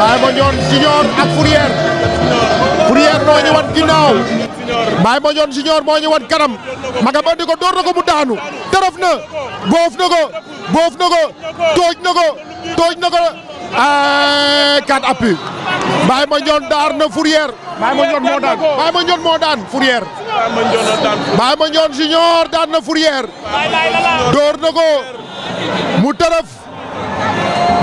Baye Mandione Junior ak Fourrière Fourrière moo ñu wan ginnaaw Baye Mandione Junior moo ñu wan kanam ma nga ko door na ko mu daanu tërëf na boof na ko boof na ko tooj na ko tooj na ko eh, quatre appuis Baye Mandione daar na Fourrière Baye Mandione moo daan furier Mandione moo daan Fourrière Baye na Fourrière door na ko mu tërëf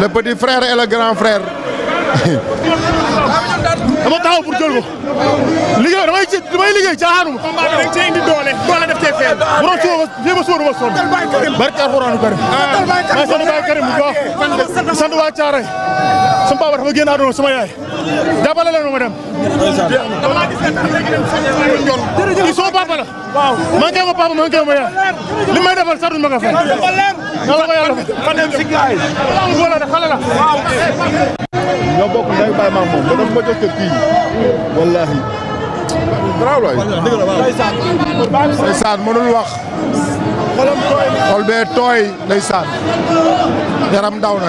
le petit frère et le grand frère. dama taxaw pour jël ko liggéey liggéey caaxaanuma. combat bi cee indi doole doole def cee feeñ. bu doon suba ba ba suba du ma sonn. maa sant Baay Karim bu baax. sant Caaray. sama papa dafa génn àdduna sama yaay. jàppale leen ma ma wax. waaw manqué ma papa manqué ma yaa li may defal sardu ma ko fay. yàlla ko yàlla la. waaw. ñoo bokk ndey baay maam ma jox kër kii wallaahi. bravo waay. dëgg la waaw ndeysaan mënul wax. xolam tooy.